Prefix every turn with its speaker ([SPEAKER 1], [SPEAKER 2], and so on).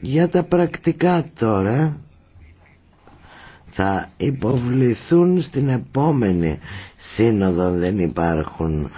[SPEAKER 1] Για τα πρακτικά τώρα θα υποβληθούν στην επόμενη σύνοδο δεν υπάρχουν